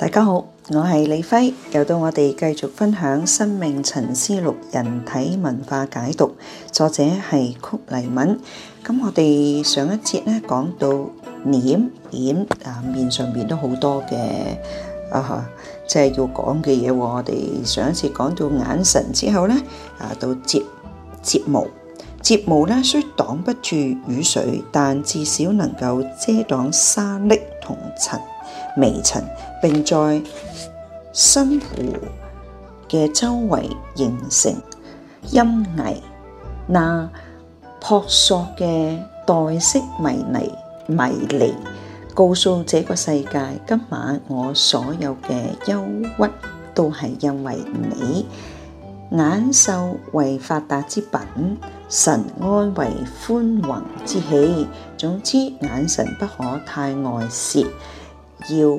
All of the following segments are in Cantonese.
大家好，我係李輝，又到我哋繼續分享《生命沉思錄人體文化解讀》，作者係曲黎敏。咁我哋上一節咧講到臉臉啊，面上面都好多嘅啊，即係要講嘅嘢。我哋上一節講到眼神之後咧啊，到睫睫毛，睫毛咧雖擋不住雨水，但至少能夠遮擋沙礫同塵微塵。並在新湖嘅周圍形成陰翳，那樸素嘅黛色迷離、迷離，告訴這個世界今晚我所有嘅憂鬱都係因為你。眼秀為發達之品，神安為歡榮之喜。總之，眼神不可太外泄，要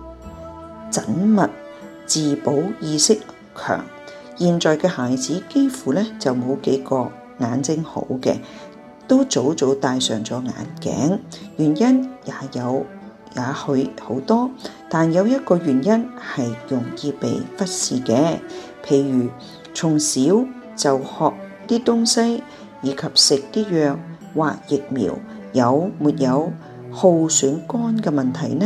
縝密、自保意識強，現在嘅孩子幾乎咧就冇幾個眼睛好嘅，都早早戴上咗眼鏡。原因也有，也許好多，但有一個原因係容易被忽視嘅，譬如從小就學啲東西，以及食啲藥或疫苗，有沒有耗損肝嘅問題呢？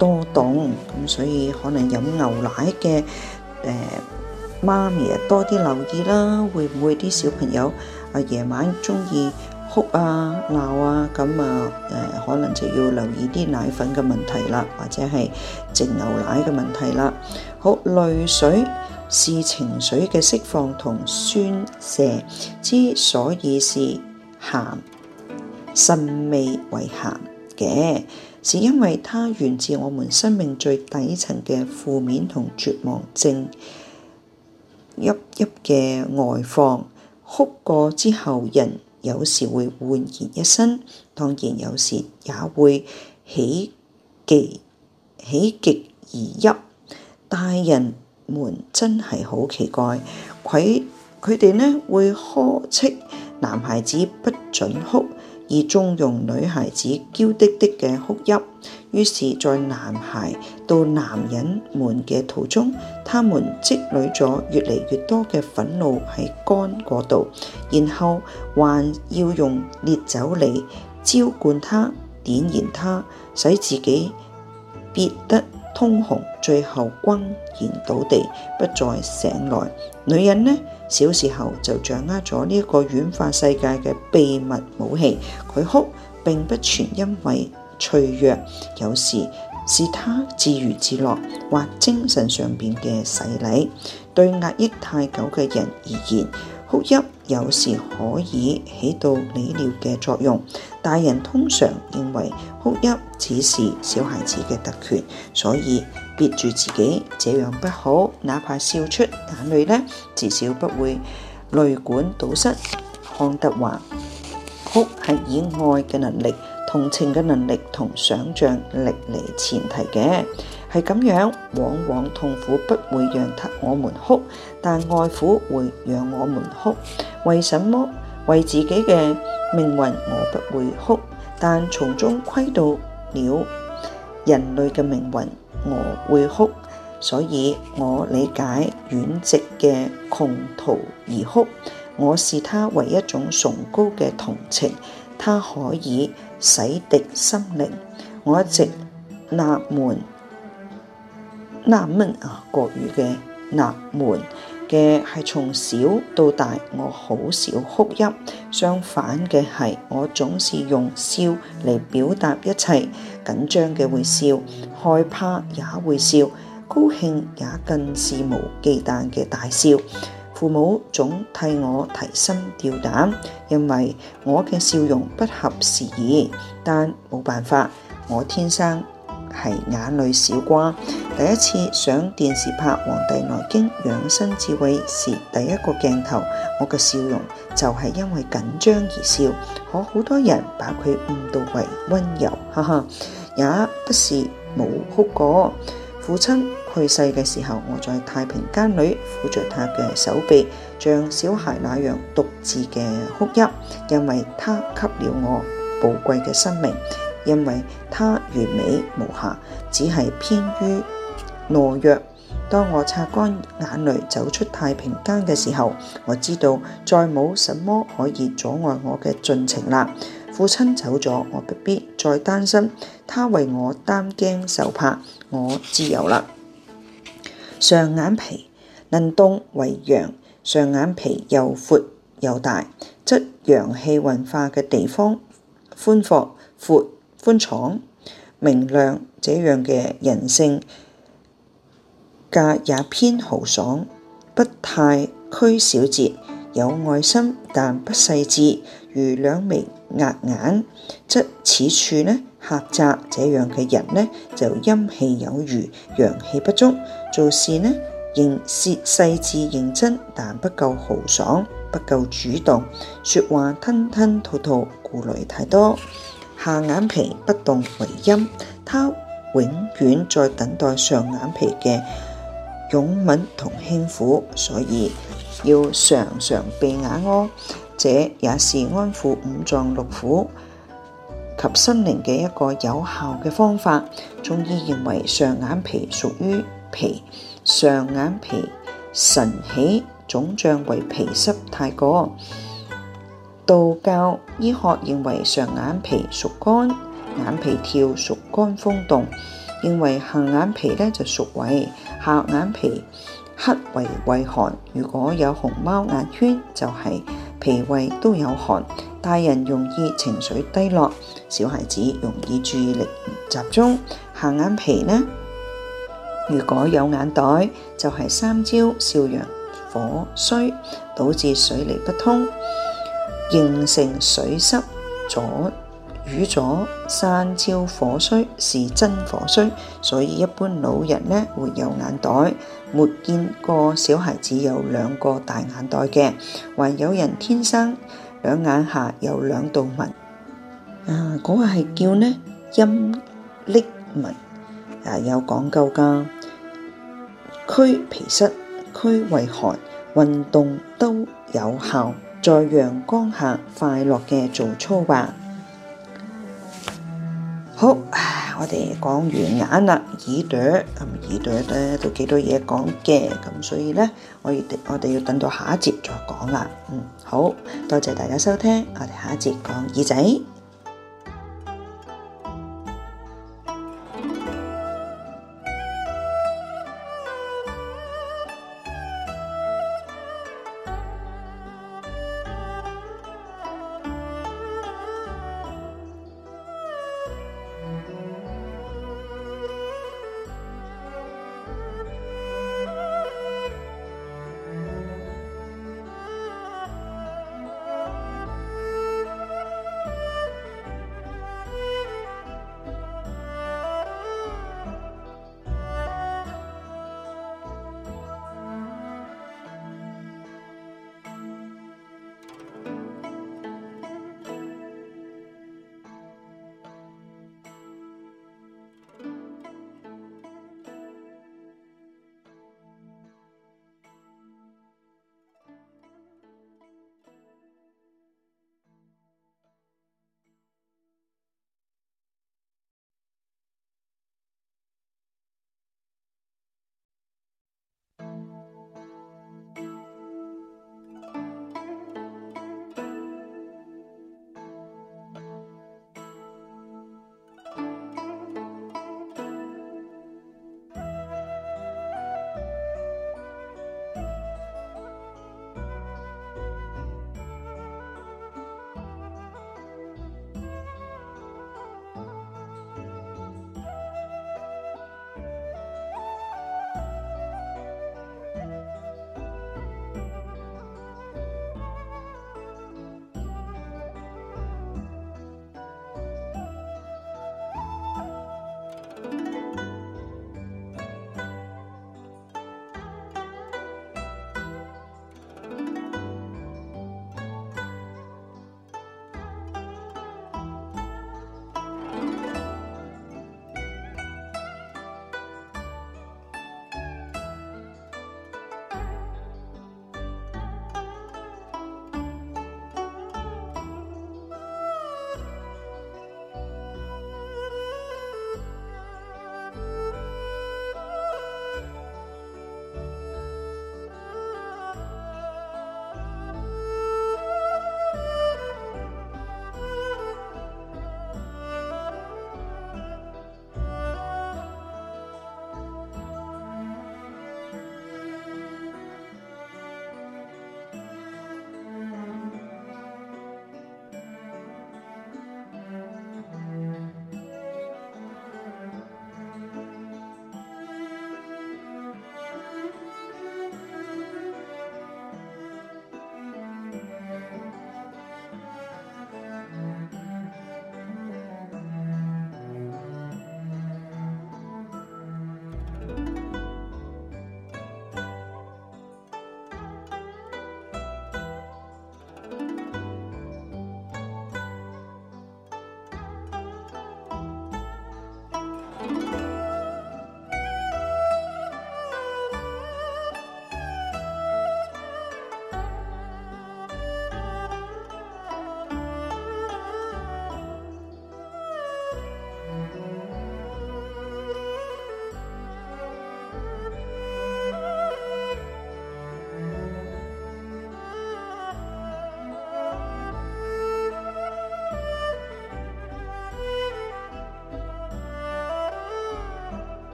多凍咁，所以可能飲牛奶嘅誒媽咪啊，多啲留意啦，會唔會啲小朋友啊夜晚中意哭啊鬧啊咁啊誒，可能就要留意啲奶粉嘅問題啦，或者係整牛奶嘅問題啦。好，淚水是情緒嘅釋放同宣泄，之所以是鹹，腎味為鹹。嘅，是因為它源自我們生命最底層嘅負面同絕望症，泣泣嘅外放。哭過之後，人有時會煥然一新，當然有時也會喜極喜極而泣。大人們真係好奇怪，佢佢哋呢會呵斥男孩子不准哭。而縱容女孩子嬌滴滴嘅哭泣，於是，在男孩到男人們嘅途中，他們積累咗越嚟越多嘅憤怒喺肝嗰度，然後還要用烈酒嚟澆灌它、點燃它，使自己憋得通紅，最後轟然倒地，不再醒來。女人呢，小時候就掌握咗呢一個軟化世界嘅秘密武器。佢哭，並不全因為脆弱，有時是她自娛自樂，或精神上邊嘅洗禮。對壓抑太久嘅人而言。哭泣有時可以起到理療嘅作用。大人通常認為哭泣只是小孩子嘅特權，所以憋住自己，這樣不好。哪怕笑出眼淚呢，至少不會淚管堵塞。康德話：哭係以愛嘅能力、同情嘅能力同想像力嚟前提嘅。係咁樣，往往痛苦不會讓我們哭，但愛苦會讓我們哭。為什麼？為自己嘅命運我不會哭，但從中窺到了人類嘅命運，我會哭。所以我理解阮籍嘅窮途而哭，我視他為一種崇高嘅同情，他可以洗滌心靈。我一直納悶。納悶啊，國語嘅納悶嘅係從小到大，我好少哭泣，相反嘅係我總是用笑嚟表達一切。緊張嘅會笑，害怕也會笑，高興也更肆無忌憚嘅大笑。父母總替我提心吊膽，因為我嘅笑容不合時宜，但冇辦法，我天生。係眼淚小瓜，第一次上電視拍《黃帝內經養生智慧》時，第一個鏡頭，我嘅笑容就係因為緊張而笑，可好多人把佢誤讀為溫柔，哈哈，也不是冇哭過。父親去世嘅時候，我在太平間裏扶著他嘅手臂，像小孩那樣獨自嘅哭泣，因為他給了我寶貴嘅生命。因為他完美無瑕，只係偏於懦弱。當我擦乾眼淚走出太平間嘅時候，我知道再冇什麼可以阻礙我嘅進程啦。父親走咗，我不必，必再擔心他為我擔驚受怕，我自由啦。上眼皮能動為陽，上眼皮又闊又大，則陽氣運化嘅地方寬闊闊。寬敞明亮，這樣嘅人性格也偏豪爽，不太拘小節，有愛心但不細緻。如兩眉壓眼，則此處呢狹窄，這樣嘅人呢就陰氣有餘，陽氣不足，做事呢認細細緻認真，但不夠豪爽，不夠主動，說話吞吞吐吐，顧慮太多。下眼皮不動為陰，它永遠在等待上眼皮嘅擁吻同輕撫，所以要常常閉眼窩，這也是安撫五臟六腑及心靈嘅一個有效嘅方法。中醫認為上眼皮屬於脾，上眼皮晨起腫脹為脾濕太過。道教醫學認為上眼皮屬肝，眼皮跳屬肝風動；認為下眼皮呢就屬胃，下眼皮黑為胃寒。如果有熊貓眼圈，就係脾胃都有寒。大人容易情緒低落，小孩子容易注意力唔集中。下眼皮呢，如果有眼袋，就係三焦少陽火衰，導致水液不通。形成水濕阻瘀阻，三焦火衰是真火衰，所以一般老人呢會有眼袋，沒見過小孩子有兩個大眼袋嘅，還有人天生兩眼下有兩道紋，啊嗰、那個係叫呢陰曆紋，啊有講究噶，驅脾濕、驅胃寒、運動都有效。在陽光下快樂嘅做操吧。好，我哋講完眼啦，耳朵、嗯、耳朵呢都幾多嘢講嘅，咁所以呢，我哋要等到下一節再講啦。嗯，好多謝大家收聽，我哋下一節講耳仔。